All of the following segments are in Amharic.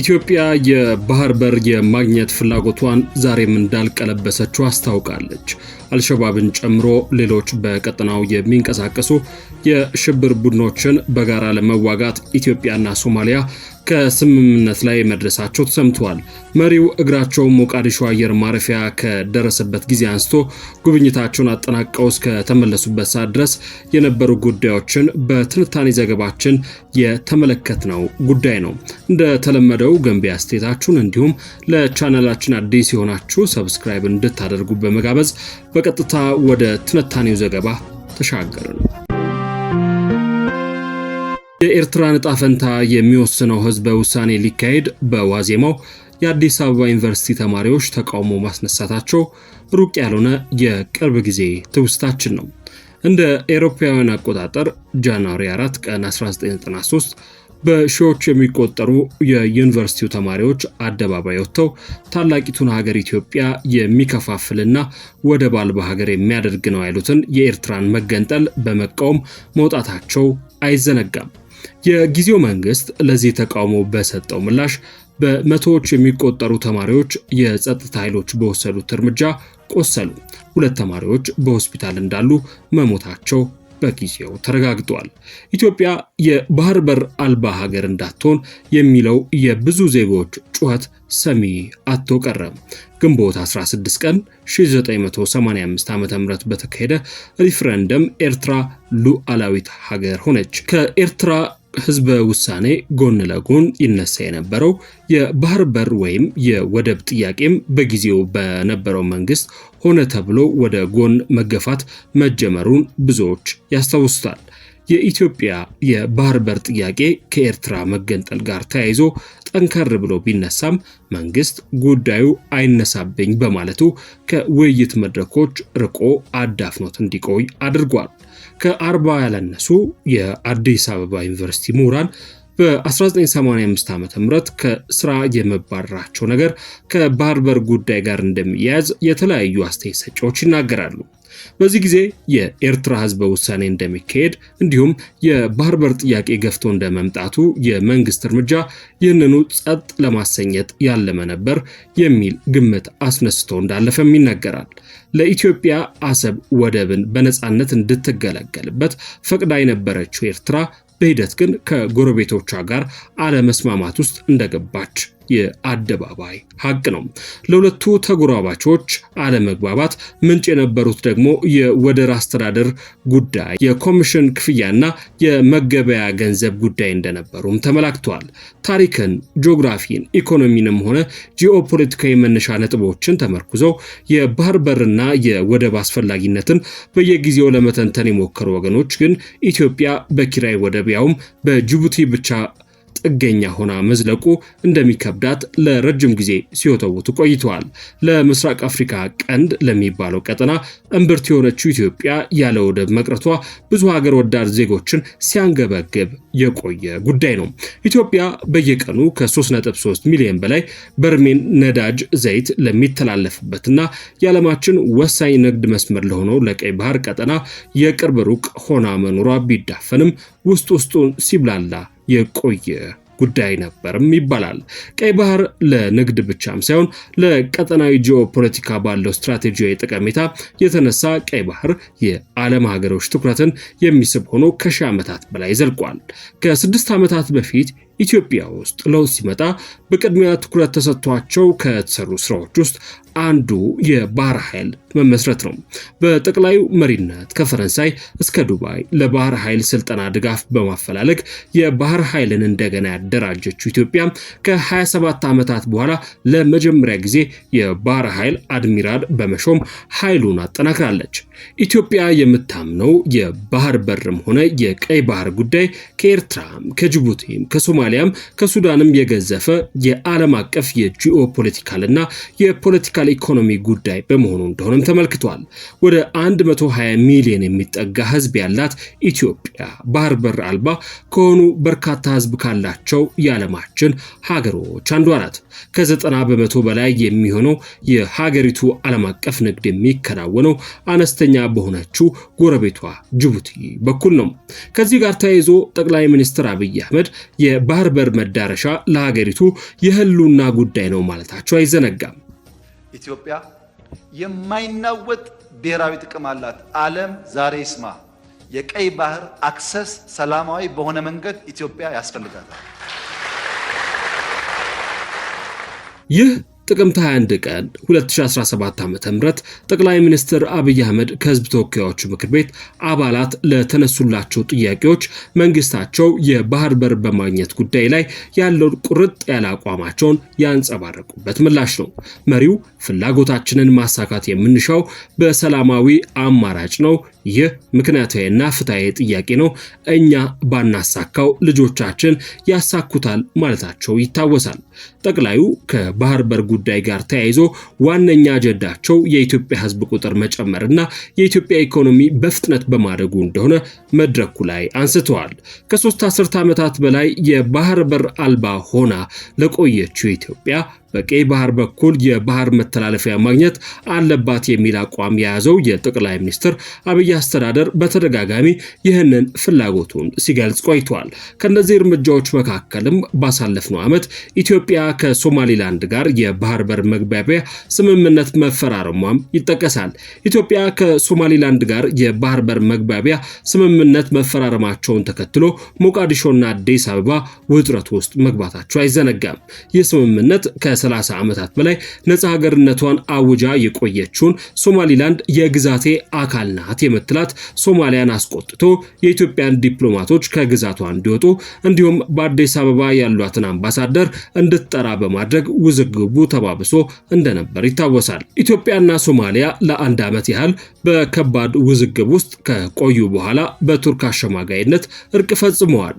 ኢትዮጵያ የባህር በር የማግኘት ፍላጎቷን ዛሬም እንዳልቀለበሰችው አስታውቃለች። አልሸባብን ጨምሮ ሌሎች በቀጠናው የሚንቀሳቀሱ የሽብር ቡድኖችን በጋራ ለመዋጋት ኢትዮጵያና ሶማሊያ ከስምምነት ላይ መድረሳቸው ተሰምተዋል። መሪው እግራቸውን ሞቃዲሾ አየር ማረፊያ ከደረሰበት ጊዜ አንስቶ ጉብኝታቸውን አጠናቀው እስከተመለሱበት ሰዓት ድረስ የነበሩ ጉዳዮችን በትንታኔ ዘገባችን የተመለከትነው ጉዳይ ነው። እንደተለመደው ገንቢ አስተያየታችሁን እንዲሁም ለቻናላችን አዲስ የሆናችሁ ሰብስክራይብ እንድታደርጉ በመጋበዝ በቀጥታ ወደ ትንታኔው ዘገባ ተሻገርን። የኤርትራን ዕጣ ፈንታ የሚወስነው ህዝበ ውሳኔ ሊካሄድ በዋዜማው የአዲስ አበባ ዩኒቨርሲቲ ተማሪዎች ተቃውሞ ማስነሳታቸው ሩቅ ያልሆነ የቅርብ ጊዜ ትውስታችን ነው። እንደ ኤሮፓውያን አቆጣጠር ጃንዋሪ 4 ቀን 1993 በሺዎች የሚቆጠሩ የዩኒቨርሲቲው ተማሪዎች አደባባይ ወጥተው ታላቂቱን ሀገር ኢትዮጵያ የሚከፋፍልና ወደብ አልባ ሀገር የሚያደርግ ነው ያሉትን የኤርትራን መገንጠል በመቃወም መውጣታቸው አይዘነጋም። የጊዜው መንግስት ለዚህ ተቃውሞ በሰጠው ምላሽ በመቶዎች የሚቆጠሩ ተማሪዎች የጸጥታ ኃይሎች በወሰዱት እርምጃ ቆሰሉ። ሁለት ተማሪዎች በሆስፒታል እንዳሉ መሞታቸው በጊዜው ተረጋግጧል። ኢትዮጵያ የባህር በር አልባ ሀገር እንዳትሆን የሚለው የብዙ ዜጎች ጩኸት ሰሚ አቶ ቀረም ግንቦት 16 ቀን 1985 ዓ.ም በተካሄደ ሪፍረንደም ኤርትራ ሉዓላዊት ሀገር ሆነች። ከኤርትራ ህዝበ ውሳኔ ጎን ለጎን ይነሳ የነበረው የባህር በር ወይም የወደብ ጥያቄም በጊዜው በነበረው መንግስት ሆነ ተብሎ ወደ ጎን መገፋት መጀመሩን ብዙዎች ያስታውሱታል። የኢትዮጵያ የባህር በር ጥያቄ ከኤርትራ መገንጠል ጋር ተያይዞ ጠንከር ብሎ ቢነሳም መንግስት ጉዳዩ አይነሳብኝ በማለቱ ከውይይት መድረኮች ርቆ አዳፍኖት እንዲቆይ አድርጓል። ከአርባ ያላነሱ የአዲስ አበባ ዩኒቨርሲቲ ምሁራን በ1985 ዓ ም ከስራ የመባረራቸው ነገር ከባህር በር ጉዳይ ጋር እንደሚያያዝ የተለያዩ አስተያየት ሰጪዎች ይናገራሉ። በዚህ ጊዜ የኤርትራ ህዝበ ውሳኔ እንደሚካሄድ እንዲሁም የባህር በር ጥያቄ ገፍቶ እንደመምጣቱ የመንግስት እርምጃ ይህንኑ ጸጥ ለማሰኘት ያለመ ነበር የሚል ግምት አስነስቶ እንዳለፈም ይነገራል። ለኢትዮጵያ አሰብ ወደብን በነፃነት እንድትገለገልበት ፈቅዳ የነበረችው ኤርትራ በሂደት ግን ከጎረቤቶቿ ጋር አለመስማማት ውስጥ እንደገባች የአደባባይ ሀቅ ነው። ለሁለቱ ተጎራባቾች አለመግባባት ምንጭ የነበሩት ደግሞ የወደር አስተዳደር ጉዳይ፣ የኮሚሽን ክፍያና የመገበያ ገንዘብ ጉዳይ እንደነበሩም ተመላክተዋል። ታሪክን፣ ጂኦግራፊን፣ ኢኮኖሚንም ሆነ ጂኦፖለቲካዊ መነሻ ነጥቦችን ተመርኩዘው የባህር በርና የወደብ አስፈላጊነትን በየጊዜው ለመተንተን የሞከሩ ወገኖች ግን ኢትዮጵያ በኪራይ ወደብ ያውም በጅቡቲ ብቻ ጥገኛ ሆና መዝለቁ እንደሚከብዳት ለረጅም ጊዜ ሲወተውቱ ቆይተዋል። ለምስራቅ አፍሪካ ቀንድ ለሚባለው ቀጠና እምብርት የሆነችው ኢትዮጵያ ያለ ወደብ መቅረቷ ብዙ ሀገር ወዳድ ዜጎችን ሲያንገበግብ የቆየ ጉዳይ ነው። ኢትዮጵያ በየቀኑ ከ3.3 ሚሊዮን በላይ በርሜን ነዳጅ ዘይት ለሚተላለፍበትና የዓለማችን ወሳኝ ንግድ መስመር ለሆነው ለቀይ ባህር ቀጠና የቅርብ ሩቅ ሆና መኖሯ ቢዳፈንም ውስጥ ውስጡን ሲብላላ የቆየ ጉዳይ ነበርም ይባላል። ቀይ ባህር ለንግድ ብቻም ሳይሆን ለቀጠናዊ ጂኦፖለቲካ ባለው ስትራቴጂያዊ ጠቀሜታ የተነሳ ቀይ ባህር የዓለም ሀገሮች ትኩረትን የሚስብ ሆኖ ከሺህ ዓመታት በላይ ዘልቋል። ከስድስት ዓመታት በፊት ኢትዮጵያ ውስጥ ለውጥ ሲመጣ በቅድሚያ ትኩረት ተሰጥቷቸው ከተሰሩ ስራዎች ውስጥ አንዱ የባህር ኃይል መመስረት ነው። በጠቅላዩ መሪነት ከፈረንሳይ እስከ ዱባይ ለባህር ኃይል ስልጠና ድጋፍ በማፈላለግ የባህር ኃይልን እንደገና ያደራጀችው ኢትዮጵያ ከ27 ዓመታት በኋላ ለመጀመሪያ ጊዜ የባህር ኃይል አድሚራል በመሾም ኃይሉን አጠናክራለች። ኢትዮጵያ የምታምነው የባህር በርም ሆነ የቀይ ባህር ጉዳይ ከኤርትራም ከጅቡቲም ከሶማሊያም ከሱዳንም የገዘፈ የዓለም አቀፍ የጂኦ ፖለቲካልና የፖለቲካል ኢኮኖሚ ጉዳይ በመሆኑ እንደሆነም ተመልክቷል። ወደ 120 ሚሊዮን የሚጠጋ ሕዝብ ያላት ኢትዮጵያ ባህር በር አልባ ከሆኑ በርካታ ሕዝብ ካላቸው የዓለማችን ሀገሮች አንዷ ናት። ከዘጠና በመቶ በላይ የሚሆነው የሀገሪቱ ዓለም አቀፍ ንግድ የሚከናወነው አነስተኛ ገለልተኛ በሆነችው ጎረቤቷ ጅቡቲ በኩል ነው። ከዚህ ጋር ተያይዞ ጠቅላይ ሚኒስትር አብይ አህመድ የባህር በር መዳረሻ ለሀገሪቱ የህልውና ጉዳይ ነው ማለታቸው አይዘነጋም። ኢትዮጵያ የማይናወጥ ብሔራዊ ጥቅም አላት። ዓለም ዛሬ ይስማ። የቀይ ባህር አክሰስ ሰላማዊ በሆነ መንገድ ኢትዮጵያ ያስፈልጋታል። ይህ ጥቅምት 21 ቀን 2017 ዓ ም ጠቅላይ ሚኒስትር አብይ አህመድ ከህዝብ ተወካዮቹ ምክር ቤት አባላት ለተነሱላቸው ጥያቄዎች መንግስታቸው የባህር በር በማግኘት ጉዳይ ላይ ያለውን ቁርጥ ያለ አቋማቸውን ያንጸባረቁበት ምላሽ ነው። መሪው ፍላጎታችንን ማሳካት የምንሻው በሰላማዊ አማራጭ ነው ይህ ምክንያታዊና ፍትሐዊ ጥያቄ ነው። እኛ ባናሳካው ልጆቻችን ያሳኩታል ማለታቸው ይታወሳል። ጠቅላዩ ከባህር በር ጉዳይ ጋር ተያይዞ ዋነኛ አጀንዳቸው የኢትዮጵያ ሕዝብ ቁጥር መጨመርና የኢትዮጵያ ኢኮኖሚ በፍጥነት በማደጉ እንደሆነ መድረኩ ላይ አንስተዋል። ከሶስት አስርት ዓመታት በላይ የባህር በር አልባ ሆና ለቆየችው ኢትዮጵያ በቀይ ባህር በኩል የባህር መተላለፊያ ማግኘት አለባት የሚል አቋም የያዘው የጠቅላይ ሚኒስትር አብይ አስተዳደር በተደጋጋሚ ይህንን ፍላጎቱን ሲገልጽ ቆይቷል። ከእነዚህ እርምጃዎች መካከልም ባሳለፍነው ዓመት ኢትዮጵያ ከሶማሊላንድ ጋር የባህር በር መግባቢያ ስምምነት መፈራረሟም ይጠቀሳል። ኢትዮጵያ ከሶማሊላንድ ጋር የባህር በር መግባቢያ ስምምነት መፈራረማቸውን ተከትሎ ሞቃዲሾና አዲስ አበባ ውጥረት ውስጥ መግባታቸው አይዘነጋም። ይህ ስምምነት ከ ከሰላሳ ዓመታት በላይ ነፃ ሀገርነቷን አውጃ የቆየችውን ሶማሊላንድ የግዛቴ አካል ናት የምትላት ሶማሊያን አስቆጥቶ የኢትዮጵያን ዲፕሎማቶች ከግዛቷ እንዲወጡ እንዲሁም በአዲስ አበባ ያሏትን አምባሳደር እንድትጠራ በማድረግ ውዝግቡ ተባብሶ እንደነበር ይታወሳል። ኢትዮጵያና ሶማሊያ ለአንድ ዓመት ያህል በከባድ ውዝግብ ውስጥ ከቆዩ በኋላ በቱርክ አሸማጋይነት እርቅ ፈጽመዋል።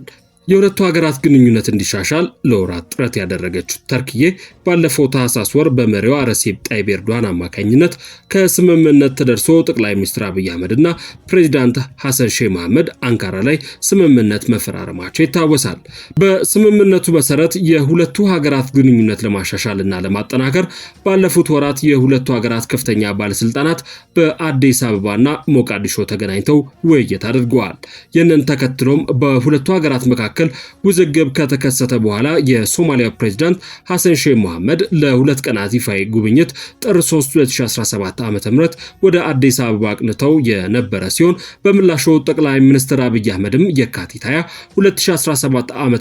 የሁለቱ ሀገራት ግንኙነት እንዲሻሻል ለወራት ጥረት ያደረገችው ተርክዬ ባለፈው ታህሳስ ወር በመሪዋ ረሴፕ ጣይብ ኤርዶዋን አማካኝነት ከስምምነት ተደርሶ ጠቅላይ ሚኒስትር አብይ አህመድ እና ፕሬዚዳንት ሐሰን ሼህ መሐመድ አንካራ ላይ ስምምነት መፈራረማቸው ይታወሳል። በስምምነቱ መሰረት የሁለቱ ሀገራት ግንኙነት ለማሻሻል እና ለማጠናከር ባለፉት ወራት የሁለቱ ሀገራት ከፍተኛ ባለስልጣናት በአዲስ አበባና ሞቃዲሾ ተገናኝተው ውይይት አድርገዋል። ይህንን ተከትሎም በሁለቱ ሀገራት መካከል መካከል ውዝግብ ከተከሰተ በኋላ የሶማሊያ ፕሬዚዳንት ሐሰን ሼህ መሐመድ ለሁለት ቀናት ይፋ ጉብኝት ጥር 3 2017 ዓ.ም ወደ አዲስ አበባ አቅንተው የነበረ ሲሆን በምላሹ ጠቅላይ ሚኒስትር አብይ አህመድም የካቲት 20 2017 ዓ.ም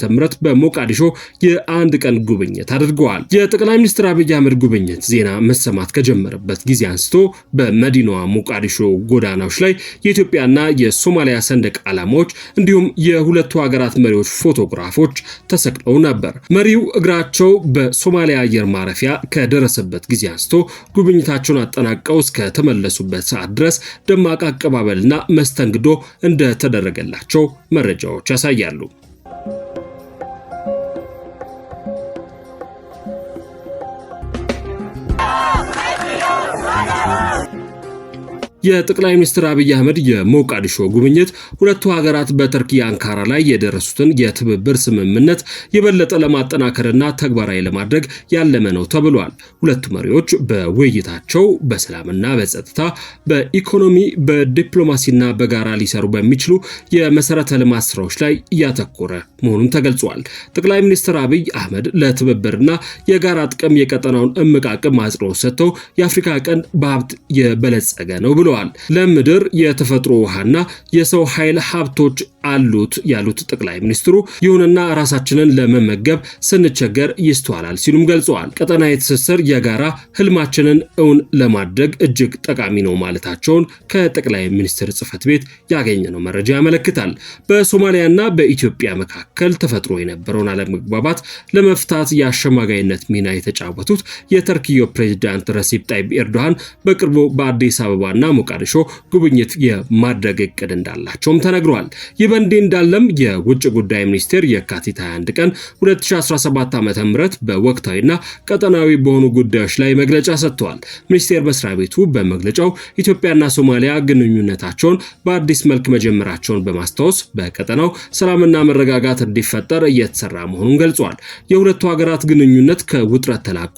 በሞቃዲሾ የአንድ ቀን ጉብኝት አድርገዋል። የጠቅላይ ሚኒስትር አብይ አህመድ ጉብኝት ዜና መሰማት ከጀመረበት ጊዜ አንስቶ በመዲናዋ ሞቃዲሾ ጎዳናዎች ላይ የኢትዮጵያና የሶማሊያ ሰንደቅ ዓላማዎች እንዲሁም የሁለቱ ሀገራት መሪዎች ሌሎች ፎቶግራፎች ተሰቅለው ነበር። መሪው እግራቸው በሶማሊያ አየር ማረፊያ ከደረሰበት ጊዜ አንስቶ ጉብኝታቸውን አጠናቀው እስከተመለሱበት ሰዓት ድረስ ደማቅ አቀባበልና መስተንግዶ እንደተደረገላቸው መረጃዎች ያሳያሉ። የጠቅላይ ሚኒስትር አብይ አህመድ የሞቃዲሾ ጉብኝት ሁለቱ ሀገራት በተርኪ አንካራ ላይ የደረሱትን የትብብር ስምምነት የበለጠ ለማጠናከርና ተግባራዊ ለማድረግ ያለመ ነው ተብሏል። ሁለቱ መሪዎች በውይይታቸው በሰላምና በጸጥታ፣ በኢኮኖሚ፣ በዲፕሎማሲና በጋራ ሊሰሩ በሚችሉ የመሰረተ ልማት ስራዎች ላይ እያተኮረ መሆኑን ተገልጿል። ጠቅላይ ሚኒስትር አብይ አህመድ ለትብብርና የጋራ ጥቅም የቀጠናውን እምቃቅም አጽንኦት ሰጥተው የአፍሪካ ቀንድ በሀብት የበለጸገ ነው ብሎ ብለዋል። ለምድር የተፈጥሮ ውሃና የሰው ኃይል ሀብቶች አሉት ያሉት ጠቅላይ ሚኒስትሩ ይሁንና ራሳችንን ለመመገብ ስንቸገር ይስተዋላል ሲሉም ገልጸዋል። ቀጠናዊ ትስስር የጋራ ህልማችንን እውን ለማድረግ እጅግ ጠቃሚ ነው ማለታቸውን ከጠቅላይ ሚኒስትር ጽህፈት ቤት ያገኘነው መረጃ ያመለክታል። በሶማሊያና በኢትዮጵያ መካከል ተፈጥሮ የነበረውን አለመግባባት ለመፍታት የአሸማጋይነት ሚና የተጫወቱት የተርኪዮ ፕሬዚዳንት ረሲብ ጣይብ ኤርዶሃን በቅርቡ በአዲስ አበባና ሞቃዲሾ ጉብኝት የማድረግ እቅድ እንዳላቸውም ተነግሯል። በእንዲህ እንዳለም የውጭ ጉዳይ ሚኒስቴር የካቲት 21 ቀን 2017 ዓ ም በወቅታዊና ቀጠናዊ በሆኑ ጉዳዮች ላይ መግለጫ ሰጥተዋል። ሚኒስቴር መስሪያ ቤቱ በመግለጫው ኢትዮጵያና ሶማሊያ ግንኙነታቸውን በአዲስ መልክ መጀመራቸውን በማስታወስ በቀጠናው ሰላምና መረጋጋት እንዲፈጠር እየተሰራ መሆኑን ገልጿል። የሁለቱ ሀገራት ግንኙነት ከውጥረት ተላቆ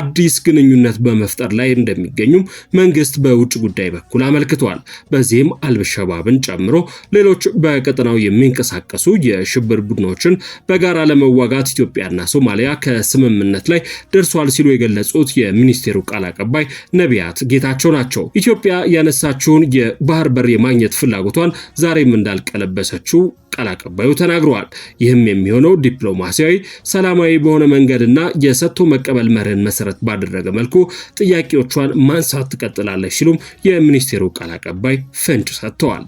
አዲስ ግንኙነት በመፍጠር ላይ እንደሚገኙም መንግስት በውጭ ጉዳይ በኩል አመልክቷል። በዚህም አልሸባብን ጨምሮ ሌሎች በቀ በቀጠናው የሚንቀሳቀሱ የሽብር ቡድኖችን በጋራ ለመዋጋት ኢትዮጵያና ሶማሊያ ከስምምነት ላይ ደርሷል ሲሉ የገለጹት የሚኒስቴሩ ቃል አቀባይ ነቢያት ጌታቸው ናቸው። ኢትዮጵያ ያነሳችውን የባህር በር የማግኘት ፍላጎቷን ዛሬም እንዳልቀለበሰችው ቃል አቀባዩ ተናግረዋል። ይህም የሚሆነው ዲፕሎማሲያዊ፣ ሰላማዊ በሆነ መንገድና የሰጥቶ መቀበል መርህን መሰረት ባደረገ መልኩ ጥያቄዎቿን ማንሳት ትቀጥላለች ሲሉም የሚኒስቴሩ ቃል አቀባይ ፍንጭ ሰጥተዋል።